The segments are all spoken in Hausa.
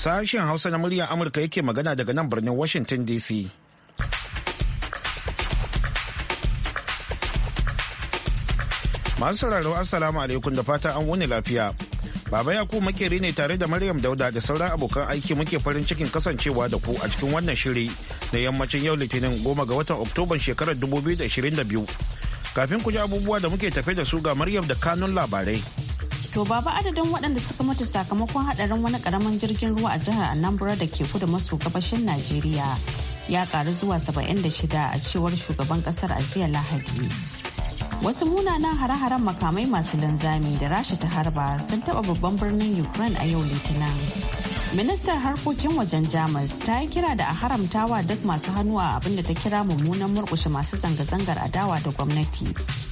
Sashen Hausa na muryar Amurka yake magana daga nan birnin Washington DC. Masu sauraro Assalamu alaikum da fata an wuni lafiya. Baba Yaku makeri ne tare da Maryam Dauda da sauran abokan aiki muke farin cikin kasancewa da ku a cikin wannan shiri na yammacin yau Litinin goma ga watan Oktoban shekarar 2022. Kafin ku ji abubuwa da muke tafe da su ga Maryam da kanun labarai. To baba adadin waɗanda suka mutu sakamakon haɗarin wani ƙaramin jirgin ruwa a jihar Anambra da ke kudu maso gabashin Najeriya ya ƙaru zuwa 76 a cewar shugaban ƙasar a jiya Lahadi. Wasu munanan hare-haren makamai masu linzami da rasha ta harba sun taɓa babban birnin Ukraine a yau Litinin. ministan harkokin wajen jamus ta yi kira da a haramtawa duk masu hannu a abin da ta kira mummunan murkushe masu zanga-zangar adawa da gwamnati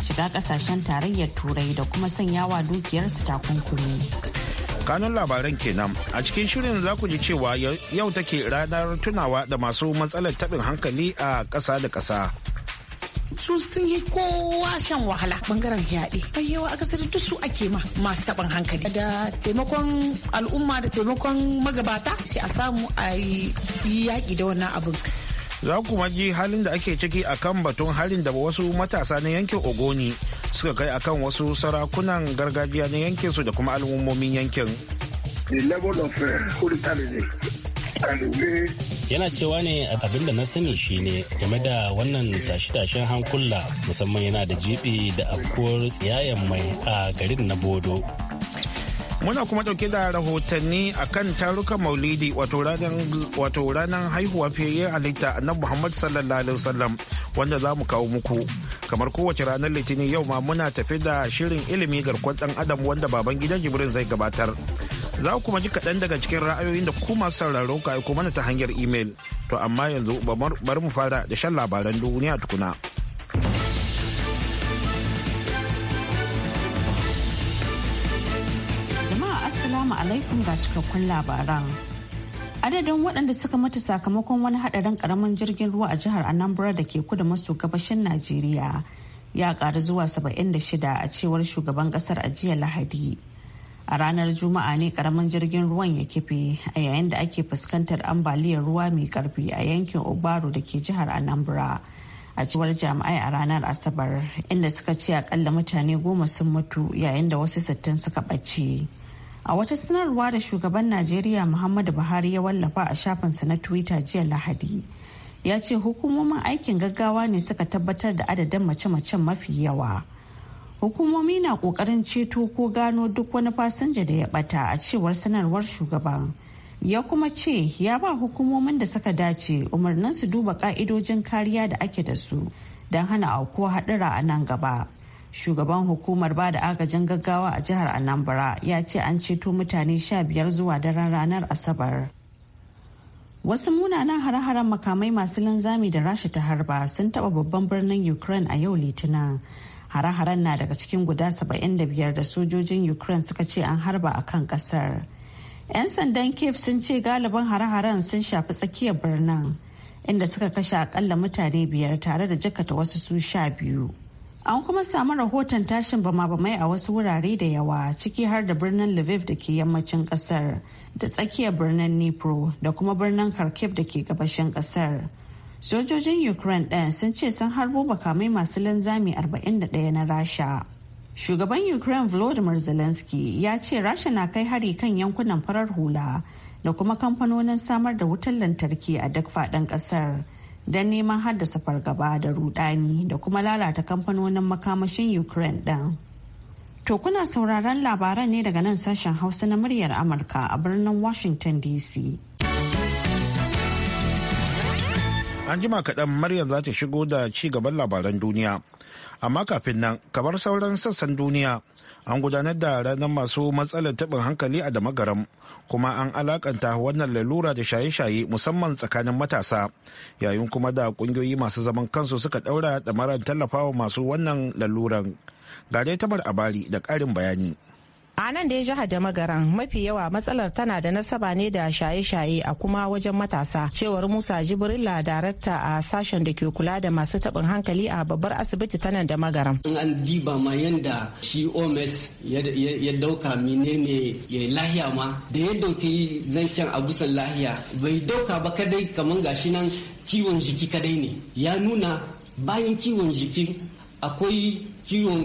shiga kasashen tarayyar turai da kuma sanyawa dukiyarsu takunkumi kanun labaran kenan a cikin shirin za ku ji cewa yau take ranar tunawa da masu matsalar taɓin hankali a ƙasa da ƙasa su sun yi kowa shan wahala bangaren yaɗe bayyawa akasari duk su ake ma masu taɓin hankali da taimakon al'umma da taimakon magabata sai a samu a yi yaƙi da wannan abin za kuma ji halin da ake ciki a kan batun halin da wasu matasa na yankin ogoni suka kai akan wasu sarakunan gargajiya na yankinsu da kuma al'ummomin yankin yana cewa ne abin da na sani shine game da wannan tashi-tashen hankula musamman yana da jibi da afkuwar tsiyayen mai a garin na bodo muna kuma dauke da rahotanni a kan tarukan maulidi wato ranar haihuwar fiye halitta na muhammad sallallahu alaihi wasallam wanda za mu kawo muku kamar kowace ranar litinin yau ma muna tafi da shirin ilimi garkon dan adam wanda baban gidan jibrin zai gabatar za kuma ji kaɗan daga cikin ra'ayoyin da kuma masu sauraro ka ko mana ta hanyar imel to amma yanzu bari mu fara da shan labaran duniya tukuna. Jama'a Assalamu alaikum ga cikakkun labaran. adadin waɗanda suka mutu sakamakon wani haɗarin ƙaramin jirgin ruwa a jihar anambra da ke kudu maso gabashin najeriya ya ƙaru zuwa 76 a cewar shugaban ƙasar a jiya lahadi a ranar juma'a ne karamin jirgin ruwan ya kife a yayin da ake fuskantar ambaliyar ruwa mai karfi a yankin obaro da ke jihar anambra a cewar jami'ai a ranar asabar inda suka ce akalla mutane goma sun mutu yayin da wasu sittin suka ɓace a wata sanarwa da shugaban najeriya muhammadu buhari ya wallafa a shafinsa na twitter jiya lahadi ya ce hukumomin aikin gaggawa ne suka tabbatar da adadin mace-macen mafi yawa. hukumomi na kokarin ceto ko gano duk wani fasinja da ya bata a cewar sanarwar shugaban ya kuma ce ya ba hukumomin da suka dace umarnin su duba ka'idojin kariya da ake da su don hana aukuwa haɗura a nan gaba shugaban hukumar ba da agajin gaggawa a jihar anambra ya ce an ceto mutane sha biyar zuwa daren ranar asabar wasu munanan hare-haren makamai masu linzami da rasha ta harba sun taɓa babban birnin ukraine a yau litinin hare-haren na daga cikin guda 75 da sojojin ukraine suka ce an harba a kan kasar 'yan sandan kiev sun ce galibin hare-haren sun shafi tsakiyar birnin inda suka kashe akalla mutane biyar tare da jakata wasu su sha biyu an kuma samu rahoton tashin bama-bamai a wasu wurare da yawa ciki har da birnin lviv da ke yammacin kasar da tsakiyar birnin nipro da kuma birnin kharkiv da ke gabashin kasar sojojin ukraine ɗin sun ce sun harbo bakamai masu linzami 41 na rasha shugaban ukraine volodymyr zelensky ya ce rasha na kai hari kan yankunan farar hula da kuma kamfanonin samar da wutar lantarki a duk faɗin ƙasar don neman haddasa fargaba da rudani da kuma lalata kamfanonin makamashin ukraine ɗin to kuna sauraron labaran ne daga nan sashen hausa na muryar amurka a birnin washington dc An jima kaɗan Maryam za ta shigo da ci gaban labaran duniya. Amma kafin nan, kamar sauran sassan duniya, an gudanar da ranar masu matsalar taɓin hankali a damagaram kuma an alakanta wannan lalura da shaye-shaye musamman tsakanin matasa yayin kuma da ƙungiyoyi masu zaman kansu suka ɗaura ɗamarar tallafawa masu wannan laluran. Ga dai tabar abari da ƙarin bayani. a nan da jihar da magaran mafi yawa matsalar tana da nasaba ne da shaye-shaye a kuma wajen matasa cewar musa jibrila darakta a sashen da ke kula da masu tabin hankali a babbar asibiti ta nan da magaran in an diba ma yanda shi omes ya dauka ne ya lahiya ma da ya dauki zancen abusan lahiya bai dauka ba kadai kamar gashi nan kiwon jiki kadai ne ya nuna bayan kiwon jiki akwai kiwon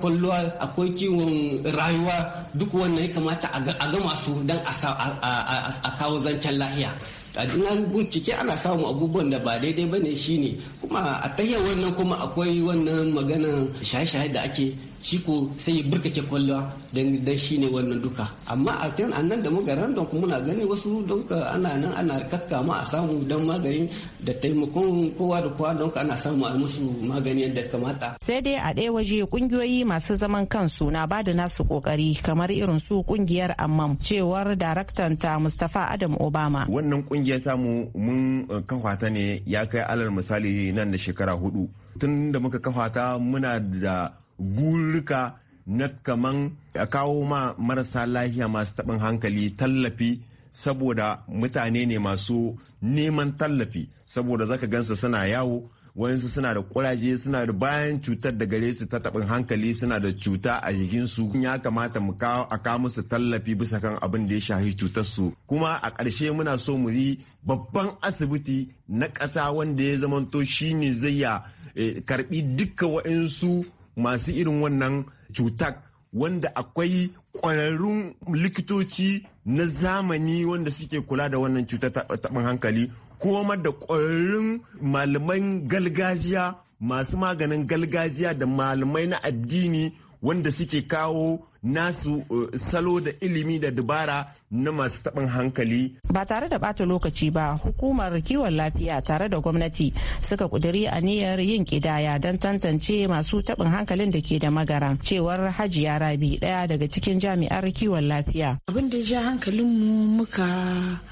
kwalluwa akwai kiwon rayuwa duk wannan ya kamata a gama su don a kawo zancen lahiya a bincike ana samun abubuwan da ba daidai bane shine kuma a tahiyar wannan kuma akwai wannan maganan shaye-shaye da ake shi ko sai ya burkake kwallo dan shi ne wannan duka amma a kan annan da muka ran don na gani wasu don ka ana nan ana kakkama a samu dan magani da taimakon kowa da kowa don ka ana samu a musu magani yadda kamata sai dai a ɗaya waje kungiyoyi masu zaman kansu na ba da nasu kokari kamar irin su kungiyar amman cewar daraktan ta Mustafa Adam Obama wannan kungiyar tamu mun kafa ta ne ya kai alal misali nan da shekara hudu tun da muka kafa ta muna da gurruka na kaman a kawo ma marasa lahiya masu taɓin hankali tallafi saboda mutane ne masu neman tallafi saboda zaka gansa suna yawo wayansu suna da kuraje suna da bayan cutar da gare su ta taɓin hankali suna da cuta a jikinsu ya kamata mu a kawo musu tallafi bisa kan abin da ya shahi cutarsu kuma a ƙarshe muna so mu yi babban asibiti na ƙasa wanda ya zamanto shine zai ya eh, karɓi dukkan waɗansu masu irin wannan cutar wanda akwai ƙwararrun likitoci na zamani wanda suke kula da wannan cutar taɓin hankali kuma da ƙwararrun malaman galgajiya masu maganin galgajiya da malamai na addini wanda suke kawo nasu eh, salo da ilimi da dubara na masu taɓin hankali. Ba tare da ɓata lokaci ba, hukumar kiwon lafiya tare da gwamnati suka ƙudiri aniyar yin ƙidaya don tantance masu taɓin hankalin da ke da magara cewar hajiya rabi ɗaya daga cikin jami'ar kiwon lafiya. Abin da ya hankalinmu muka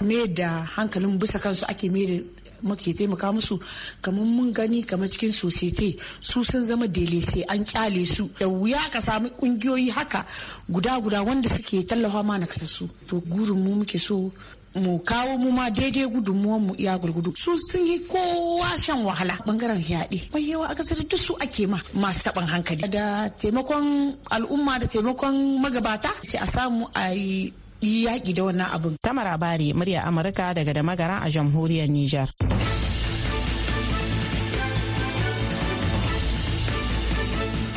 mai da hankalin bisa kansu ake mai da muke taimaka musu kamar mun gani kamar cikin societe su sun zama delese an kyale su da wuya ka samu kungiyoyi haka guda guda wanda suke tallafa ma na kasassu to gurin mu muke so mu kawo mu ma daidai gudunmuwan mu iya gurgudu su sun yi kowa shan wahala bangaren yaɗe mai yawa a kasar duk su ake ma masu taɓin hankali da taimakon al'umma da taimakon magabata sai a samu a yi yi yaƙi da wannan abin. Tamara Bari, murya Amurka daga da magara a jamhuriyar Nijar.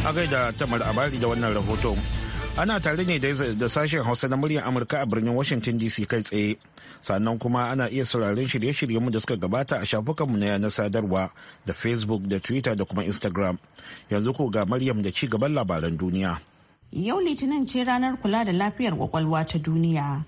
A gaida Tamar Abari da wannan rahoto ana tare ne da sashen hausa na muryar amurka a birnin washington dc kai tsaye sannan kuma ana iya sauraron shirye-shiryenmu da suka gabata a shafukanmu na yanar sadarwa da facebook da twitter da kuma instagram yanzu ko ga maryam da ci gaban labaran duniya Yau Litinin ce ranar kula da lafiyar kwakwalwa ta duniya.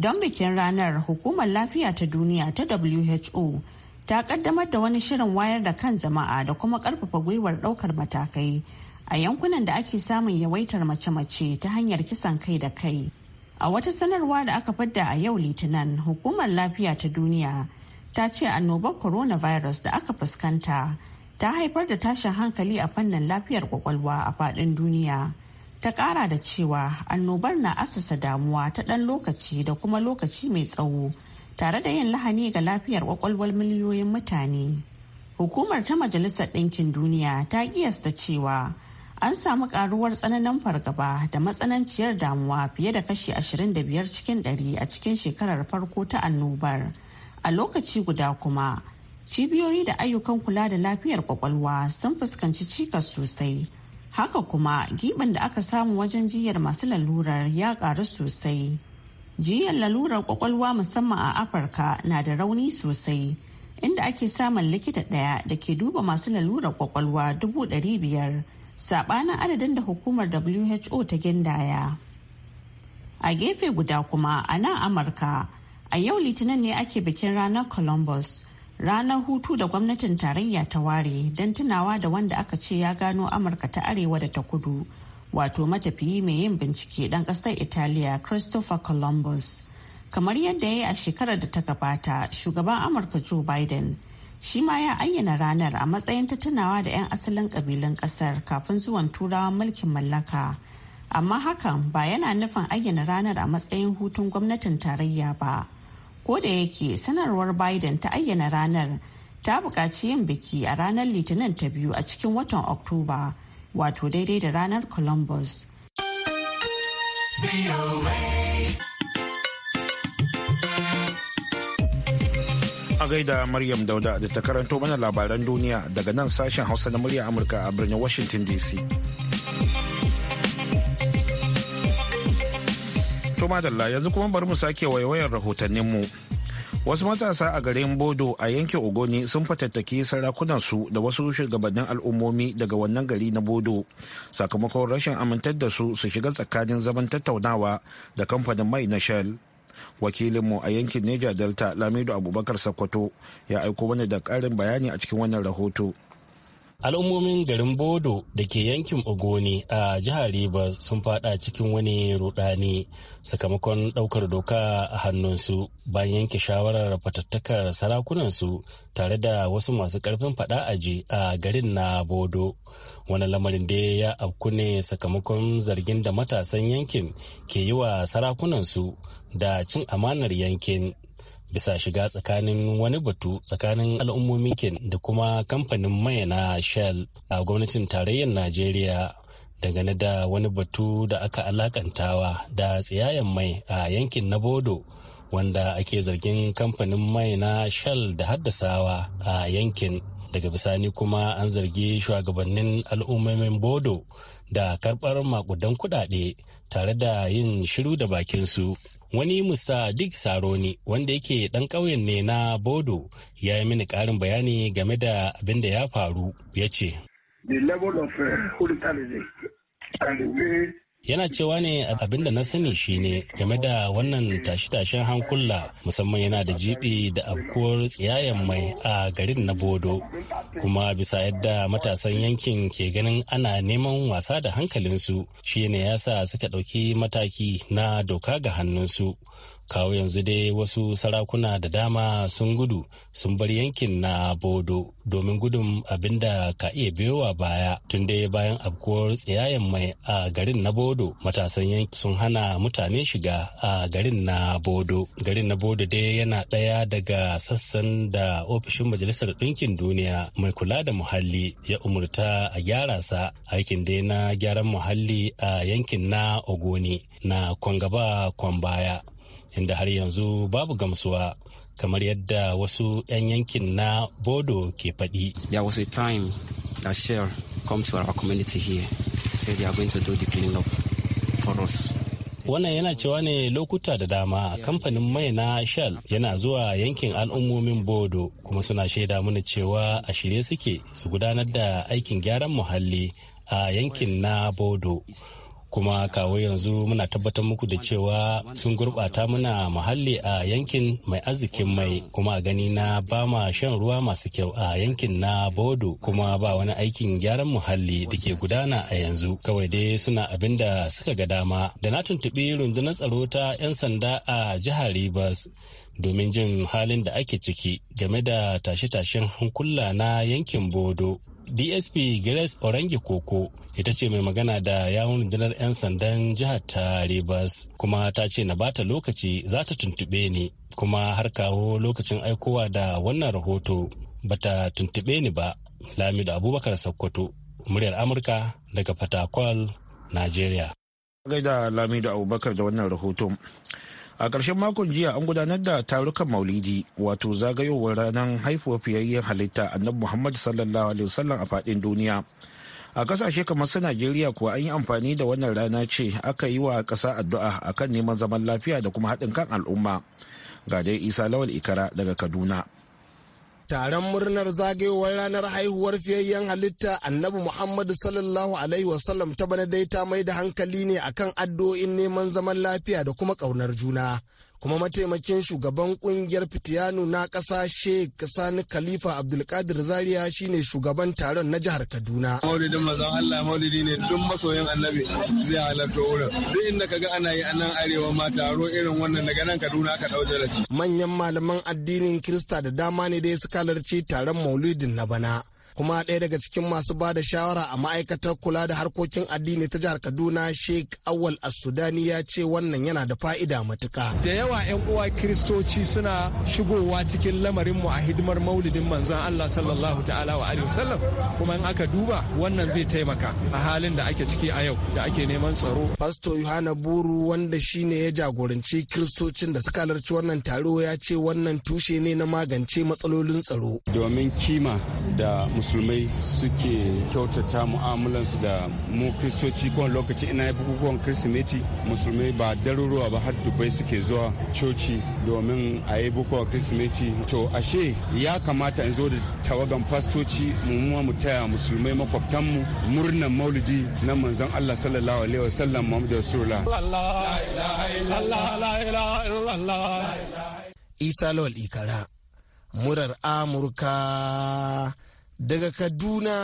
Don bikin ranar hukumar lafiya ta duniya ta WHO ta kaddamar da wani shirin wayar da kan jama'a da kuma karfafa gwiwar daukar matakai a yankunan da ake samun yawaitar mace-mace ta hanyar kisan kai da kai. A wata sanarwa da aka fadda a yau Litinin hukumar lafiya ta duniya ta ce annobar coronavirus da aka fuskanta ta haifar da tashin hankali a fannin lafiyar kwakwalwa a faɗin duniya. ta kara da cewa annobar na asasa damuwa ta ɗan lokaci da kuma lokaci mai tsawo tare da yin lahani ga lafiyar kwakwalwar miliyoyin mutane hukumar ta majalisar ɗinkin duniya ta kiyasta cewa an samu karuwar tsananin fargaba da matsananciyar damuwa fiye da kashi 25 cikin 100 a cikin shekarar farko ta annobar a lokaci guda kuma cibiyoyi da ayyukan kula da lafiyar kwakwalwa sun fuskanci cikas sosai haka kuma giɓin da aka samu wajen jiyar masu lalurar ya ƙaru sosai jiyar lalurar kwakwalwa musamman a afirka na da rauni sosai inda ake samun likita ɗaya da ke duba masu lalurar kwakwalwa dubu ɗari biyar saɓanin adadin da hukumar who ta gindaya a gefe guda kuma a nan amurka a yau litinin ne ake bikin ranar columbus ranar hutu da gwamnatin tarayya ta ware don tunawa da wanda aka ce ya gano amurka ta arewa da ta kudu wato matafiyi mai yin bincike dan kasar italiya christopher columbus kamar yadda ya yi a shekarar da ta gabata shugaban amurka joe biden shi ma ya ayyana ranar a matsayin ta tunawa da 'yan asalin ƙabilun kasar kafin zuwan turawan mulkin mallaka amma hakan ba yana nufin ayyana ranar a matsayin hutun gwamnatin tarayya ba ko da yake sanarwar biden ta ayyana ranar ta buƙaci yin biki a ranar litinin ta biyu a cikin watan oktoba wato daidai da ranar columbus a gaida maryam dauda da ta karanto mana labaran duniya daga nan sashen hausa na murya amurka a birnin washington dc To madalla yanzu kuma bari mu sake waiwayar rahotanninmu. Wasu matasa a garin Bodo a yankin Ogoni sun fatattaki sarakunansu da wasu shugabannin al'ummomi daga wannan gari na Bodo sakamakon rashin amintar da su su shiga tsakanin zaman tattaunawa da kamfanin mai na Shell. Wakilinmu a yankin Niger Delta Lamido Abubakar Sokoto ya aiko wani da karin bayani a cikin wannan rahoto. al'ummomin garin bodo da ke yankin ogoni a jihar rivers sun fada cikin wani rudani sakamakon daukar doka a hannunsu bayan yanke shawarar fatattakar sarakunansu tare da wasu masu karfin fada aji a garin na bodo wani lamarin da ya afku ne sakamakon zargin da matasan yankin ke yi wa sarakunansu da cin amanar yankin bisa shiga tsakanin wani batu tsakanin al'ummomin ken da kuma kamfanin mai na shell a gwamnatin tarayyar najeriya dangane da wani batu da aka alakantawa da tsiyayen mai a yankin na bodo wanda ake zargin kamfanin mai na shell da haddasawa a yankin daga bisani kuma an zargi shugabannin al'ummomin bodo da karbar makudan kudade tare da yin shiru da bakinsu wani musta dick saroni wanda yake dan ƙauyen ne na bodo ya yi mini ƙarin bayani game da abin da ya faru ya ce the level of uh, and the way yana cewa ne abin da na sani shine game da wannan tashi-tashen hankula musamman yana da jibi da abkuwar tsiyayen mai a garin na bodo kuma bisa yadda matasan yankin ke ganin ana neman wasa da hankalinsu shi ne sa suka ɗauki mataki na doka ga hannunsu kawo yanzu dai wasu sarakuna da dama sun gudu sun bar yankin na bodo domin gudun abin da ka iya biyowa baya tun dai bayan afkuwar tsayayen mai a garin na bodo matasan yankin sun hana mutane shiga a garin na bodo garin na bodo dai yana ɗaya daga sassan da ofishin majalisar ɗinkin duniya mai kula da muhalli ya umurta a gyara sa aikin dai na gyaran muhalli a yankin na ogoni na kwangaba kwambaya inda har yanzu babu gamsuwa kamar yadda wasu 'yan yankin na bodo ke faɗi. There was a time that share come to our community here say they are going to do the clean-up for us. wannan yana cewa ne lokuta da dama kamfanin mai na shell yana zuwa yankin al'ummomin bodo kuma suna shaida mana cewa a shirye suke su gudanar da aikin gyaran muhalli a yankin na bodo kuma kawo yanzu muna tabbatar muku da cewa sun gurɓata muna muhalli a yankin mai arzikin mai kuma a gani na ba ma shan ruwa masu kyau a yankin na bodo kuma ba wani aikin gyaran muhalli da ke gudana a yanzu kawai dai suna abin da suka ga dama da na tuntuɓi rundunar tsaro ta 'yan sanda a jihar rivers domin jin halin da ake ciki game da tashe-tashen hankula na yankin bodo dsp grace orange koko ita ce mai magana da yawun rundunar 'yan sandan jihar ta rivers kuma ta ce na bata lokaci za ta tuntube ni kuma har kawo lokacin aikowa da wannan rahoto bata tuntube ni ba lamido abubakar sokoto muryar amurka daga fatakwal nigeria gaida lamido abubakar da wannan rahoton a ƙarshen makon jiya an gudanar da tarukan maulidi wato zagayowar ranar haifuwar fiyayyen halitta annabi muhammad sallallahu alaihi wasallam a faɗin duniya a ƙasashe kamar su najeriya kuwa an yi amfani da wannan rana ce aka yi wa ƙasa addu'a akan neman zaman lafiya da kuma haɗin kan al'umma ga dai isa lawal ikara daga kaduna taron murnar zagayowar ranar haihuwar fiyayyen halitta annabi muhammadu sallallahu alaihi wasallam ta bana dai ta mai da hankali ne akan addu'o'in neman zaman lafiya da kuma ƙaunar juna kuma mataimakin shugaban kungiyar fitiyanu na ƙasa sheikh sani khalifa abdulkadir zaria shine shugaban taron na jihar kaduna maulidin mazan allah maulidi ne duk masoyin annabi zai halarta wurin duk inda ka ga ana yi anan arewa ma taro irin wannan daga nan kaduna aka ɗauke da shi manyan malaman addinin kirista da dama ne dai suka halarci taron maulidin na bana kuma ɗaya daga cikin masu ba da shawara a ma'aikatar kula da harkokin addini ta jihar kaduna sheikh awal a sudani ya ce wannan yana da fa'ida matuka da yawa 'yan uwa kiristoci suna shigowa cikin lamarin mu a hidimar maulidin manzon allah sallallahu ta'ala wa alihi wasallam kuma in aka duba wannan zai taimaka a halin da ake ciki a yau da ake neman tsaro Pastor yohana buru wanda shine ya jagoranci kiristocin da suka halarci wannan taro ya ce wannan tushe ne na magance matsalolin tsaro domin kima da musulmai suke kyautata mu'amalansu da mu kristoci kowane lokaci ina yi bukukuwan kirsimeti musulmai ba daruruwa ba har dubai suke zuwa coci domin a yi bukukuwan kirsimeti to ashe ya kamata in zo da tawagan fastoci mu mu taya musulmai makwabtanmu murnan maulidi na manzon allah sallallahu alaihi wasallam muhammadu rasulullah isa lawal ikara murar amurka daga Kaduna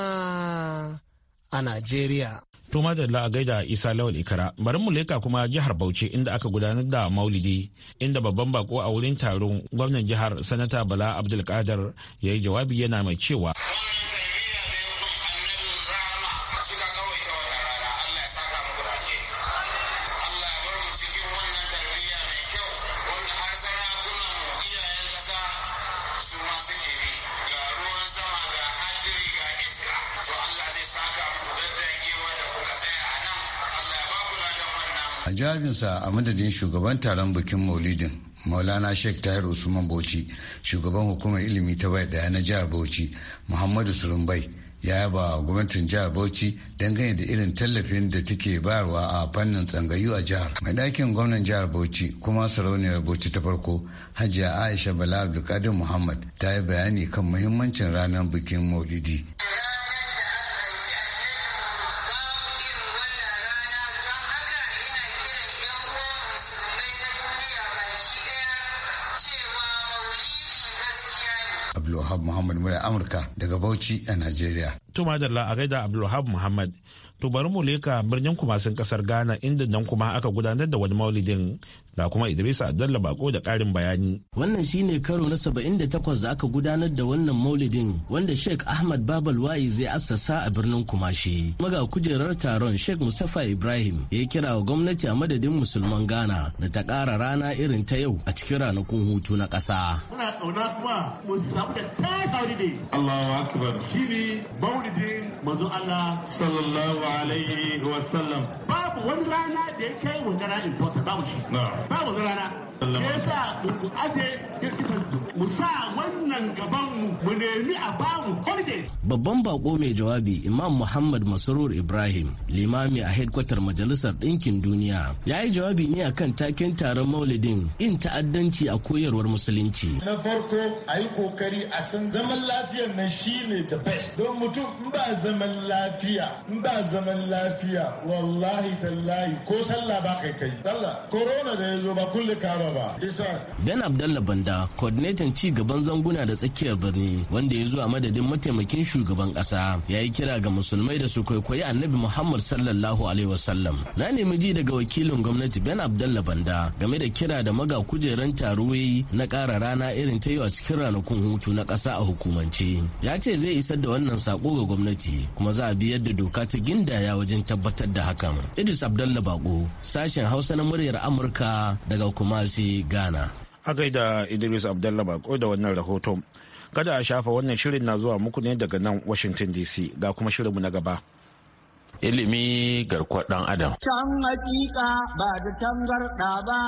a Najeriya. To madalla a gaida Isa Lawal Ikara bari mu leka kuma jihar Bauchi inda aka gudanar da Maulidi inda babban bako a wurin taron gwamnan jihar Sanata Bala Abdulkadir ya yi jawabi yana mai cewa. sa a madadin shugaban taron bikin maulidin maulana sheikh tahir usman bauchi shugaban hukumar ilimi ta bai daya na jihar bauchi muhammadu surumbai ya yaba gwamnatin jihar bauchi dangane da irin tallafin da take bayarwa a fannin tsangayu a jihar mai dakin gwamnan jihar bauchi kuma sarauniyar bauchi ta farko hajiya aisha bala abdulkadir muhammad ta yi bayani kan muhimmancin ranar bikin maulidi Abdulwahab Muhammad murya Amurka daga Bauchi a Najeriya. To madalla a gaida Abdulwahab Muhammad. To bari mu leka birnin kumasin kasar Ghana inda nan kuma aka gudanar da wani maulidin ga kuma Idrisa Abdalla Bako da ƙarin bayani. Wannan shi ne karo na 78 da aka gudanar da wannan maulidin wanda Sheikh Ahmad Babal Wa'i zai assasa a birnin Kumashi. Kuma ga kujerar taron Sheikh Mustapha Ibrahim ya kira wa gwamnati a madadin musulman Ghana da ta ƙara rana irin ta yau a cikin ranakun hutu na ƙasa. Muna ƙauna kuma mu samu da tashi ne. Allahu Akbar. Shine maulidin manzo Allah sallallahu alaihi wa sallam. Babu wani rana da ya kai wani rana important babu shi. ba mu yasa ku aje mu sa wannan gaban mu mu nemi a bamu babban bako mai jawabi imam muhammad masarur ibrahim limami a hedkwatar majalisar ɗinkin duniya ya yi jawabi ne akan taken taron maulidin in ta'addanci a koyarwar musulunci na farko a yi kokari a san zaman lafiyar na shi ne da best don mutum in ba zaman lafiya in ba zaman lafiya wallahi tallahi ko sallah ba kai kai sallah corona da ya zo ba kulle karo ba. Dan Abdalla Banda, coordinator ci gaban zanguna da tsakiyar birni wanda ya zuwa madadin mataimakin shugaban kasa ya yi kira ga musulmai da su kwaikwayi annabi Muhammad sallallahu alaihi wasallam. Na nemi ji daga wakilin gwamnati Ben Abdalla Banda game da kira da maga kujeran taruwai na ƙara rana irin ta yi a cikin ranakun hutu na ƙasa a hukumance. Ya ce zai isar da wannan sako ga gwamnati kuma za a bi yadda doka ta gindaya wajen tabbatar da hakan. Idris Abdalla Bako, sashen Hausa na muryar Amurka daga Kumasi. BBC Ghana. A gaida Idris abdullahi Bako da wannan rahoton. Kada a shafa wannan shirin na zuwa muku ne daga nan Washington DC ga kuma shirinmu na gaba. Ilimi garkuwar dan Adam. Can hakika ba da tangarɗa ba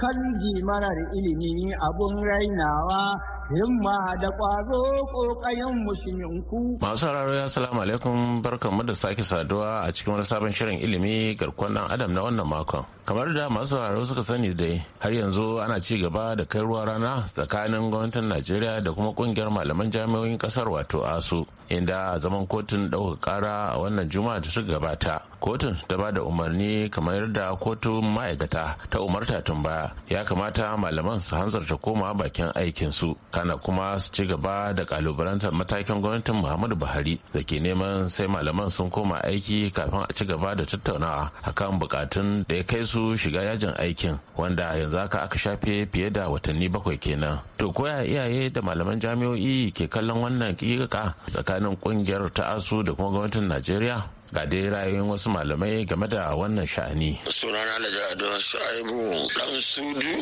kan marar ilimi abun rainawa himma da ƙwazo ƙoƙayen mushiminku. Masu sauraro ya salamu alaikum mu da sake saduwa a cikin wani sabon shirin ilimi garkon dan adam na wannan makon. Kamar da masu sauraro suka sani dai har yanzu ana ci gaba da kai ruwa rana tsakanin gwamnatin Najeriya da kuma ƙungiyar malaman jami'oyin ƙasar wato ASU inda a zaman kotun ɗaukar ƙara a wannan juma'a da suka gabata. kotun ta ba da umarni kamar yadda kotun ma'aikata ta umarta tun baya ya kamata malaman su hanzarta koma bakin aikinsu kana kuma su ci gaba da kalubalantar matakin gwamnatin muhammadu buhari da ke neman sai malaman sun koma aiki kafin a ci gaba da tattaunawa akan bukatun da ya kai su shiga yajin aikin wanda yanzu haka aka shafe fiye da watanni bakwai kenan to koya iyaye da malaman jami'o'i ke kallon wannan kika tsakanin kungiyar ta'asu da kuma gwamnatin najeriya ga dai ra'ayoyin wasu malamai game da wannan sha'ani sunana da jadon shu'aibu dan sudu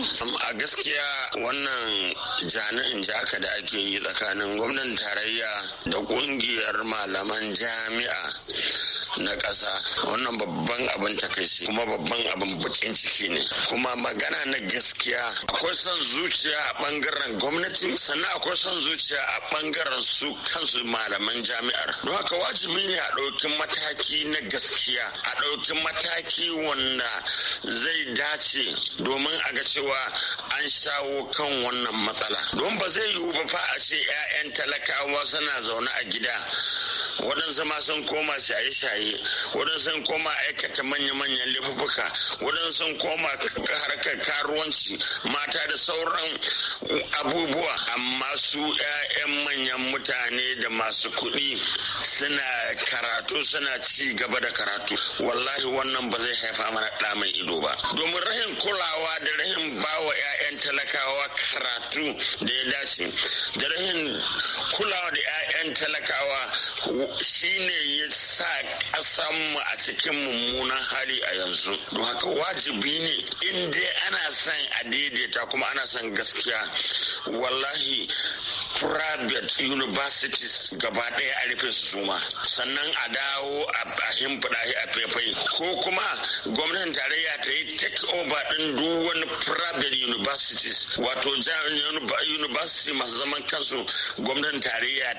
a gaskiya wannan jani'in jaka da ake yi tsakanin gwamnan tarayya da kungiyar malaman jami'a na ƙasa wannan babban abin takaici kuma babban abin bakin ciki ne kuma magana na gaskiya akwai son zuciya a bangaren gwamnati sannan akwai son zuciya a bangaren su kansu malaman jami'ar don haka wajibi ne a ɗauki mataki na gaskiya a ɗauki mataki wanda zai dace domin a ga cewa an shawo kan wannan matsala don ba zai yiwu ba fa a ce 'ya'yan talakawa suna zaune a gida waɗansu ma sun koma shaye-shaye waɗansu sun koma aikata manya-manyan laifuka waɗansu sun koma harkar karuwanci mata da sauran abubuwa amma su 'ya'yan manyan mutane da masu kuɗi suna karatu suna ci gaba da karatu wallahi wannan ba zai haifa mana ɗa mai ido ba domin rahin kulawa da rahin bawa 'ya'yan talakawa karatu da ya dace da rahin kulawa da 'ya'yan talakawa shine ya sa mu a cikin mummunan hali a yanzu don haka wajibi ne in dai ana son a daidaita kuma ana son gaskiya wallahi private universities gaba ɗaya a rufe su suma sannan a dawo a himfida a faifai ko kuma gwamnatin tarayya ta yi take over ɗin duk wani private universities wato university masu zaman kansu gwamnatin tarayya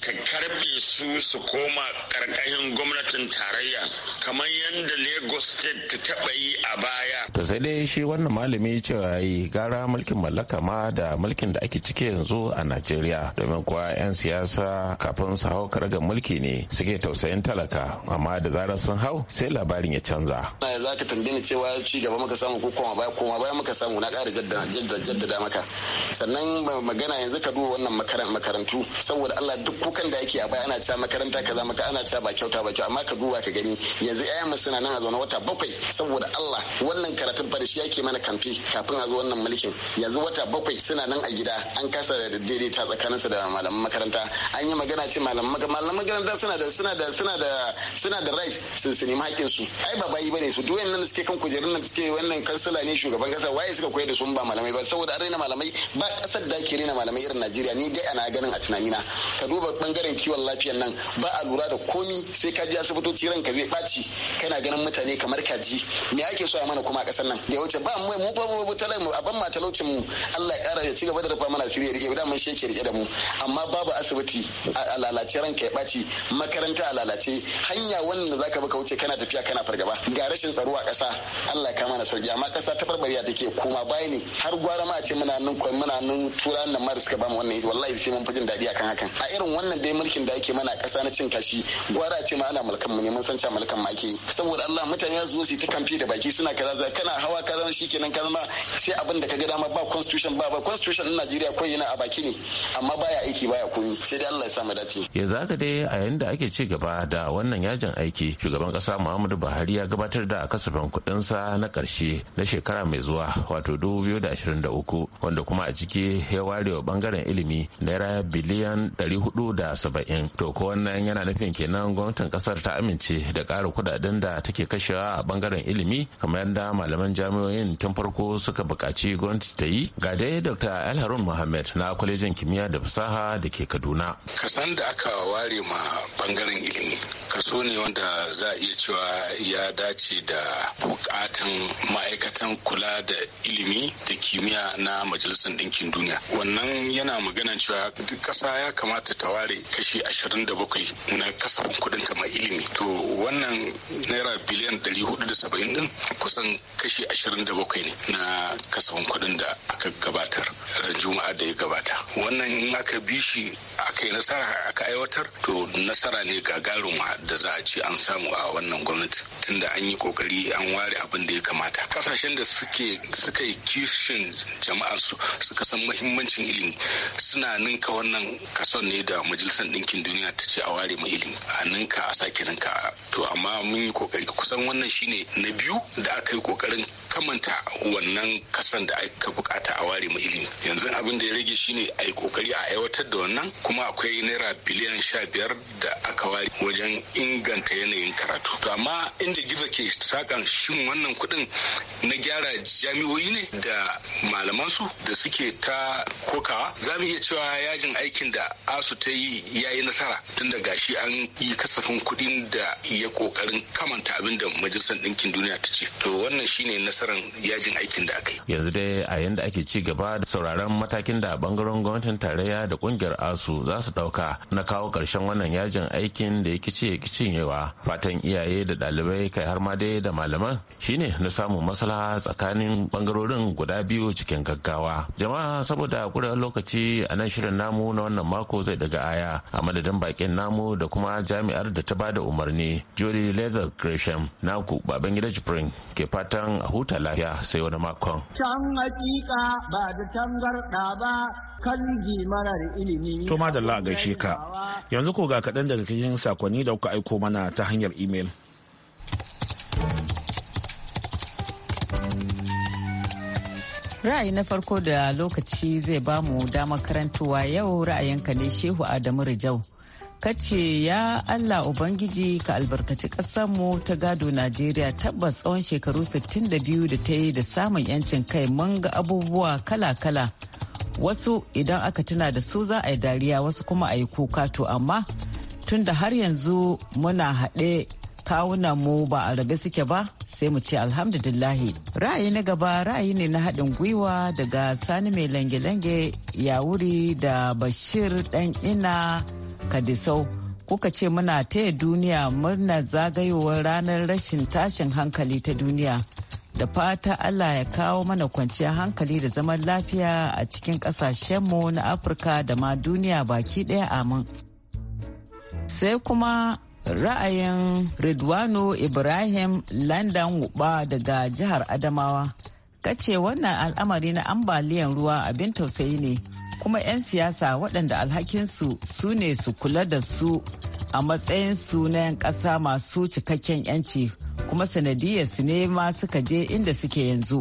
ta karɓe su su koma karkashin gwamnatin tarayya kamar yadda lagos state ta taɓa yi a baya to sai dai shi wannan malami cewa yi gara mulkin mallaka ma da mulkin da ake ciki yanzu a najeriya domin kuwa 'yan siyasa kafin su hau karagar mulki ne suke tausayin talaka amma da zarar sun hau sai labarin ya canza za ka tambaye ni cewa ci gaba muka samu ko koma baya koma baya muka samu na ƙara jaddada maka sannan magana yanzu ka duba wannan makarantu saboda allah duk kukan da ake a baya ana cewa makaranta kaza maka ana cewa ba kyauta ba kyau amma ka duba ka gani yanzu 'ya'yan suna nan a zaune wata bakwai saboda allah wannan karatun fa shi yake mana kamfe kafin a zo wannan mulkin yanzu wata bakwai suna nan a gida an kasa da daidaita tsakaninsa da malaman makaranta an yi magana ce malaman makaranta suna da suna da suna da suna da right su su nemi haƙƙin su ai ba bayi bane su duwayen nan suke kan kujerun nan suke wannan kansala ne shugaban kasa waye suka koyar da su ba malamai ba saboda an raina malamai ba kasar da ake raina malamai irin Najeriya ni dai ana ganin a tunanina ka duba bangaren kiwon lafiyar nan ba a lura da komi sai ka je asibitoci ka zai ɓaci kana ganin mutane kamar kaji me ake so a mana kuma a ƙasar nan da ya wuce ba mu mu ba mu talai mu a ban ma talaucin mu Allah ya kara ya ci gaba da rufa mana asiri ya rike da mun shi ke rike da mu amma babu asibiti a lalace ranka ya ɓaci makaranta a lalace hanya wannan da zaka bi ka wuce kana tafiya kana fargaba ga rashin tsaro a ƙasa Allah ya kama na sauki amma ƙasa ta barbariya take kuma baya ne har gwara ma a ce muna nan kwan muna nan tura nan ma da suka bamu wannan wallahi sai mun fi dadi daɗi akan hakan a irin wannan dai mulkin da ake mana ƙasa na cin kashi gwara ce ma ana mulkan mu ne mun san cewa mulkan ma ake saboda Allah mutane ya zo su ta kamfi da baki suna kaza kana hawa kaza shikenan kaza ma sai abin da ka ga dama ba constitution ba ba constitution din Najeriya ko yana a baki ne amma baya aiki baya koyi sai dai Allah ya sa mu dace yanzu haka dai a yanda ake ci gaba da wannan yajin aiki shugaban kasa Muhammadu Buhari ya gabatar da kasafin kuɗin sa na ƙarshe na shekara mai zuwa wato 2023 wanda kuma a ciki ya ware wa bangaren ilimi naira biliyan 470 to ko wannan yana nufin kenan gwamnatin kasar ta amince da ƙara kuɗaɗen da take kashewa a bangaren ilimi kamar yadda malaman jami'o'in tun farko suka buƙaci gwamnati ta yi ga dai Dr. Alharun Muhammad na kwalejin kwalejin kimiyya da fasaha da ke kaduna kasan da aka ware ma bangaren ilimi kaso ne wanda za a iya cewa ya dace da bukatan ma'aikatan kula da ilimi da kimiyya na majalisar ɗinkin duniya wannan yana magana cewa duk ƙasa ya kamata ta ware kashi 27 na kasafin kudin ta mai ilimi to wannan naira biliyan 470 din kusan kashi 27 ne na kasafin kuɗin da aka gabatar ran juma'a da ya gabata wannan in aka bi shi aka yi nasara aka aiwatar to nasara ne gagaruma da za a ci an samu a wannan gwamnati tunda an yi kokari an ware abin da ya kamata kasashen da suke suka yi kishin jama'arsu suka san mahimmancin ilimi suna ninka wannan kason ne da majalisar ɗinkin duniya ta ce a ware mu ilimi a ninka a sake ninka to amma mun yi kokari kusan wannan shine na biyu da aka yi kokarin kamanta wannan kasan da aka bukata a ware mu ilimi yanzu abin da ya rage shine a yi kokari a aiwatar da wannan kuma akwai naira biliyan sha biyar da aka ware wajen inganta yanayin karatu to amma inda gizo ke sakan shin wannan kuɗin na gyara jami'o'i ne da malaman su da suke ta kokawa za mu iya cewa yajin aikin da asu ta yi ya yi nasara tun da gashi an yi kasafin kuɗin da ya kokarin kamanta abin da majalisar ɗinkin duniya ta ce to wannan shine nasarar yajin aikin da aka yi yanzu dai a yanda ake ci gaba da sauraron matakin da bangaren gwamnatin tarayya da kungiyar asu za su ɗauka na kawo ƙarshen wannan yajin aikin da ya ce rikicin yawa cinyewa fatan iyaye da ɗalibai kai har ma dai da malaman shine na samun maslaha tsakanin bangarorin guda biyu cikin gaggawa jama'a saboda kure lokaci a nan shirin namu na wannan mako zai daga aya a madadin bakin namu da kuma jami'ar da ta ba da umarni jolly leather gresham naku baban gida spring ke fatan a huta lafiya sai wani makon can hakika ba da tangarda ba kangi mana da ilimi. To madalla a gaishe ka. Yanzu ko ga kaɗan daga cikin sakonni da kuka aiko mana ta hanyar imel. Ra'ayi na farko da lokaci zai ba mu damar karantowa yau ra'ayinka ne Shehu Adamu Rijau. kace ya Allah Ubangiji ka albarkaci mu ta gado Najeriya tabbas tsawon shekaru 62 da ta yi da samun 'yancin kai mun ga abubuwa kala-kala wasu idan aka tuna da su za a yi dariya wasu kuma a yi kuka to amma tun da har yanzu muna haɗe kawunan mu ba a rabe suke ba sai mu ce alhamdulillahi ra'ayi na gaba ra'ayi ne na haɗin gwiwa daga sani mai lange-lange yawuri da bashir ɗan ina kadisau kuka ce muna taya duniya murnar zagayowar ranar rashin tashin hankali ta duniya da fata Allah ya kawo mana kwanciyar hankali da zaman lafiya a cikin kasashenmu na Afirka da ma duniya baki ɗaya amin. Sai kuma ra'ayin Ridwano Ibrahim Landan Wuba daga jihar Adamawa. Kace wannan al'amari na ambaliyan ruwa abin tausayi ne. kuma 'yan siyasa waɗanda alhakinsu su ne su kula da su a su na 'yan ƙasa masu cikakken 'yanci kuma sanadiyarsu ne ma suka je inda suke yanzu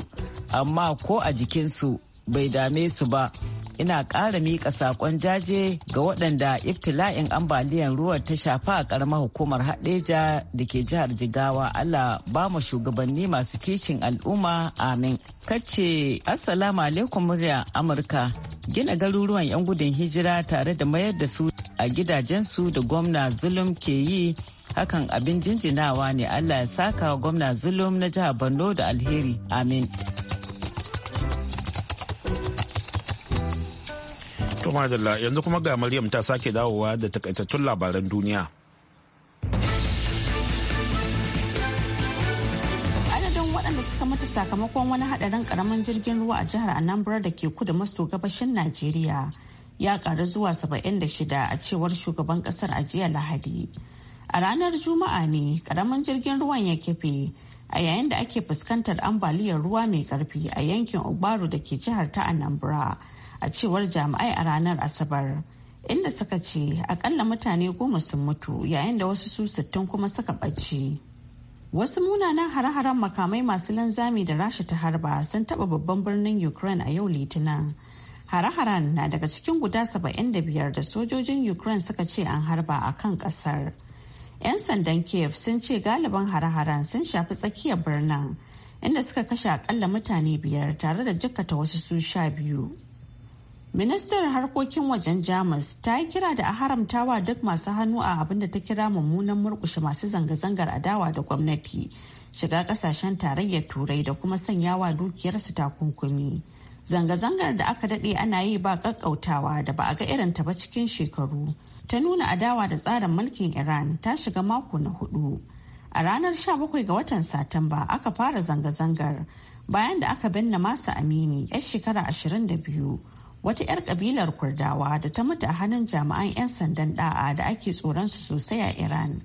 amma ko a jikinsu bai dame su ba ina ƙara miƙa saƙon jaje ga waɗanda iftila'in ambaliyar ruwa ta shafa a ƙaramar hukumar haɗeja da ke jihar jigawa allah ba mu shugabanni masu kishin al'umma amin kace assalamu alaikum murya amurka gina garuruwan 'yan gudun hijira tare da mayar da su a gidajensu da gwamna zulum ke yi hakan abin jinjinawa ne allah ya saka gwamna zulum na jihar borno da alheri amin To madalla yanzu kuma ga Maryam ta sake dawowa da takaitattun labaran duniya. Adadin waɗanda suka mutu sakamakon wani haɗarin ƙaramin jirgin ruwa a jihar Anambra da ke kudu maso gabashin Najeriya ya ƙaru zuwa 76 a cewar shugaban ƙasar a jiya Lahadi. A ranar Juma'a ne ƙaramin jirgin ruwan ya kafe a yayin da ake fuskantar ambaliyar ruwa mai ƙarfi a yankin Ogbaru da ke jihar ta Anambra. a cewar jami'ai a ranar asabar inda suka ce akalla mutane goma sun mutu yayin da wasu su sittin kuma suka ɓace wasu munanan hare-haren makamai masu lanzami da rasha ta harba sun taɓa babban birnin ukraine a yau litinin hare-haren na daga cikin guda 75 da sojojin ukraine suka ce an harba a kan ƙasar 'yan sandan kiev sun ce galiban hare-haren sun shafi tsakiyar birnin inda suka kashe akalla mutane biyar tare da jikkata wasu su sha biyu ministan harkokin wajen jamus ta yi kira da a haramtawa duk masu hannu a abin da ta kira mummunan murkushe masu zanga-zangar adawa da gwamnati shiga kasashen tarayyar turai da kuma sanyawa dukiyarsu takunkumi zanga-zangar da aka daɗe ana yi ba ƙaƙƙautawa da ba a ga irin ta ba cikin shekaru ta nuna adawa da tsarin mulkin iran ta shiga mako na hudu a ranar sha bakwai ga watan satumba aka fara zanga-zangar bayan da aka binne masa amini 'yar shekara ashirin da biyu. wata 'yar kabilar kurdawa da ta mutu a hannun jami'an 'yan sandan da'a da ake tsoron su sosai a iran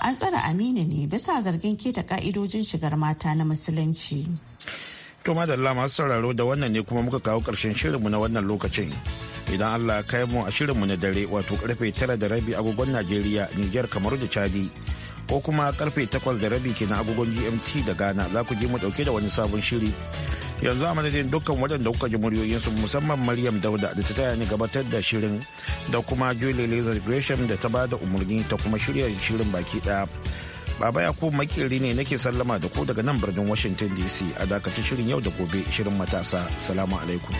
an tsara aminu ne bisa zargin keta ka'idojin shigar mata na musulunci to madalla masu sauraro da wannan ne kuma muka kawo karshen shirinmu na wannan lokacin idan allah ya kai mu a shirinmu na dare wato karfe tara da rabi agogon najeriya niger kamaru da chadi ko kuma karfe takwas da rabi kenan agogon gmt da ghana za ku je mu dauke da wani sabon shiri yanzu a madadin dukkan waɗanda kuka ji muryoyinsu musamman maryam dauda da ta taya ni gabatar da shirin da kuma julie lazar gresham da ta bada umarni ta kuma shirya shirin baki ɗaya baba ya ko makeri ne nake sallama da ku daga nan birnin washington dc a dakacin shirin yau da gobe shirin matasa salamu alaikum